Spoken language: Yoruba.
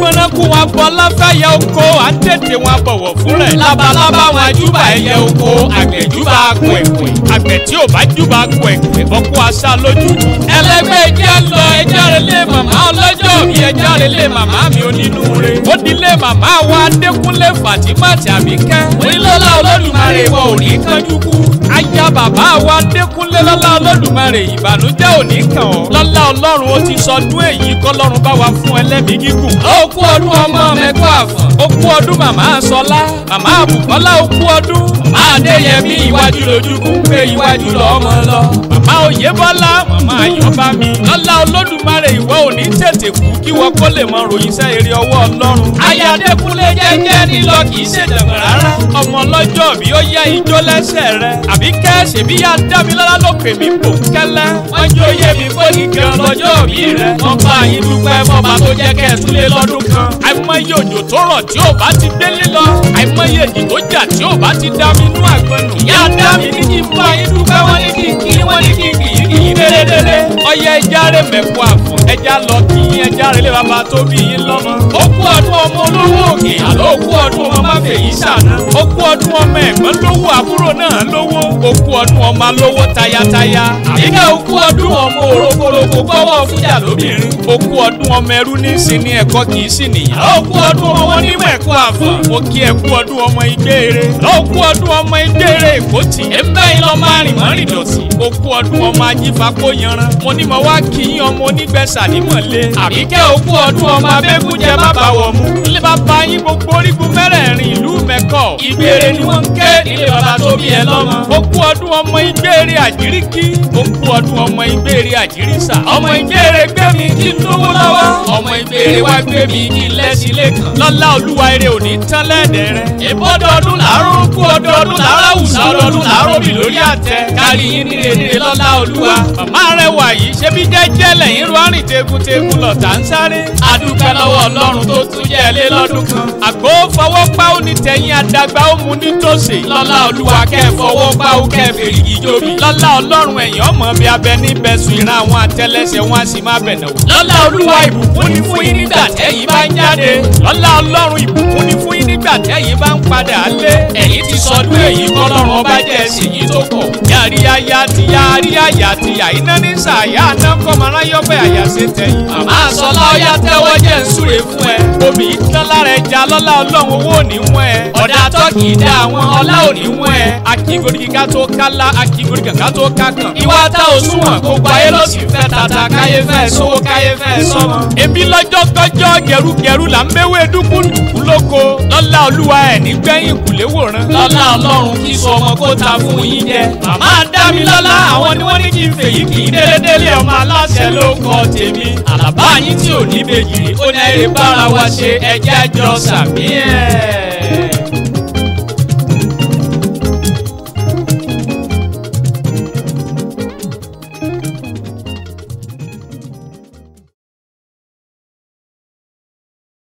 gbígbóná kú wọn bọ láfẹ́yẹ oko à ń tètè wọn bọ̀wọ̀ fúnlẹ̀. labalábá wọn júbà ẹyẹ oko àgbẹ̀ júbà kùẹ̀kùẹ̀. àgbẹ̀ tí ò bá júbà kùẹ̀kùẹ̀ ọkọ aṣá lójú. ẹlẹgbẹ́ ẹjẹ́ lọ ẹjẹ́ rẹ lé màmá ọlọ́jọ́ mi ẹjẹ́ rẹ lé màmá mi onínúure. ó di lé màmá wa Adékúnlé Fàtímà tàbí kẹ́. onílọ́lá Olódùmarè wọ òní kánjú kú. ayé bàbá wa Adékúnlé lọ́lá Olódùmarè ìbànújẹ́ ò ní ọ́. lọ́lá Ọlọ́run ó ti sọdún èyí kọ́lọ́run bá wa fún ẹlẹ́mìí gígùn. ó ọdún ọmọ mẹ́kọ́ àfọ̀n. ó ọdún màmá Ṣọlá màmá Àbùkọ́lá ó ọdún. màmá Adéyẹmí ìwájú lójúkú pé ìwájú lọ́mọ lọ. màmá Oyèbọ́lá màmá Ayọ̀bá mi. lọ́lá Olódùmarè ìwọ ò tètè kú kí wọ́n kó lè mọ ròyìn sẹ́ eré ọwọ́ Ọlọ́run. aya Adékúnlé jẹ́jẹ́ nílọ kì í ṣèjọba rárá. ọmọ ọlọ́jọ́ bí ó yá ijó lẹ́sẹ̀ rẹ̀ àbí kẹ́s ṣèbí Adámilọ́lá ló pè mí bò kẹ́lẹ́. wọ́n jó yé mi kó nìkan lọ́jọ́ mi rẹ̀. wọ́n bá yín dúpẹ́ bọ́ba tó jẹ́ kẹ́ ẹ̀ túlé lọ́dún kan. àìmọye òjò tó rọ̀ tí ò bá ti délé lọ. àìmọye èjì tó jà tí ò bá ti dá mi nú àgbọnù. ìyá Adámi ní kí n bá yín dúpẹ́ wọ́n ní kí n kí wọ́n ní kí n kì í kì í délédélé. ọyẹ ẹja rẹ mẹ̀kọ àfọ̀ ẹja lọ kí ẹja rẹ lé baba tó bí yín lọ́mọ. ó kú ọdún ọmọ olówó òkè àlọ́ òkú ọdún ọmọ máfèyí kìí ṣàná okú ọdún ọmọ ẹ̀gbọ́n lówó àbúrò náà lówó okú ọdún ọmọ alówó tayataya àbíkẹ́ okú ọdún ọmọ òrokoloko gbọ́wọ́ fújà lóbìnrin okú ọdún ọmọ ẹrú ní sin ní ẹ̀kọ́ kìí sì nìyà okú ọdún ọmọ wọn nímọ̀ ẹ̀kọ́ àfọ̀n mo kí ẹkú ọdún ọmọ ìgbére okú ọdún ọmọ ìgbére ìkòtì ẹgbẹ́ ìlọ márìn márìn dọ̀tí okú ọdún ọmọ ajífa kó yanran mo ní mo wá kí yín ọmọ onígbẹ̀sà nímọ̀lé àbíkẹ́ okú ọdún ọmọ abẹ́kújẹ má bá wọ̀ mú kọ̀. ìgbére ni wọ́n ń ké ilé baba tó bí ẹ lọ́mọ. ó kú ọdún ọmọ ìgbére àjíríkí. ó kú ọdún ọmọ ìgbére àjírísà. ọmọ ìgbére gbé mi kí n lówó lọ́wọ́. ọmọ ìgbére wá gbé mi kí n lẹ́sìn lẹ́kàn. lọ́lá olúwa eré òní tán lẹ́ẹ̀dẹ̀ rẹ. ìbọ́dọọdún làárọ̀ kú ọdọọdún làárọ̀ wùsà ọdọọdún làárọ̀ mi lórí àtẹ. kárí yín nílé lọ́lá olúwa. màmá rẹwà yìí ṣebí jẹ́jẹ́ lẹ́yìn rọ́ọ̀rìn tegun lọ́tà ń sáré lọ́wọ́ ọlọ́run tó tún yẹ ẹ lé lọ́dún kan. àgbo fọwọ́ pa ó ní tẹ̀yìn àdàgbà ó mu nítòsí. lọ́lá olúwa kẹ́ fọwọ́ pa ó kẹ́ fèrègì jóbi. lọ́lá ọlọ́run ẹ̀yìn ọmọ bí abẹ níbẹ̀ sùn ìran àwọn àtẹlẹsẹ̀ wọn a sì máa bẹ̀nà wò. lọ́lá olúwa ìbùkún ni fún yín nígbà tẹ́yìn bá ń jáde. lọ́lá ọlọ́run ìbùkún ni fún yín nígbà tẹ́yìn bá ń padà lé. ẹ̀yin ti sọdún èyí kọ́lọ́run ọba jẹ́ ẹ̀sìn yìí tó kọ̀. yàríyáyá ti yàríyáyá ti yà iná ní sàyà àná kọ́mọ súre fún ẹ omi lọ́lá rẹ̀ já lọ́lá ọlọ́run owó ò ní wọ́n ẹ ọ̀dà tọ́kì dá àwọn ọlá ò ní wọ́n ẹ akíngorì kíká tó kálá akíngorì kàkà tó kákan ìwà tá ò súnwọ̀n gbogbo ayé ló sì fẹ́ tàtà káyé fẹ́ sówó káyé fẹ́ sọ́mọ. ebi lọ́jọ́ kọjọ́ gẹrugẹru là ń méwé dúkúdùkú lóko lọ́lá olúwa ẹ̀ nígbẹ̀yìn kùlé wòran. lọ́lá ọlọ́run kì í sọ ọmọ kó ta fún yín jẹ. màmá dámi lọ́lá àwọn ni wọ́n ní kí n fèyí kì í délédélé ọmọ aláṣẹ ló kọ tèmi. àlàbá yín tí ò ní bèjì ó ní ẹ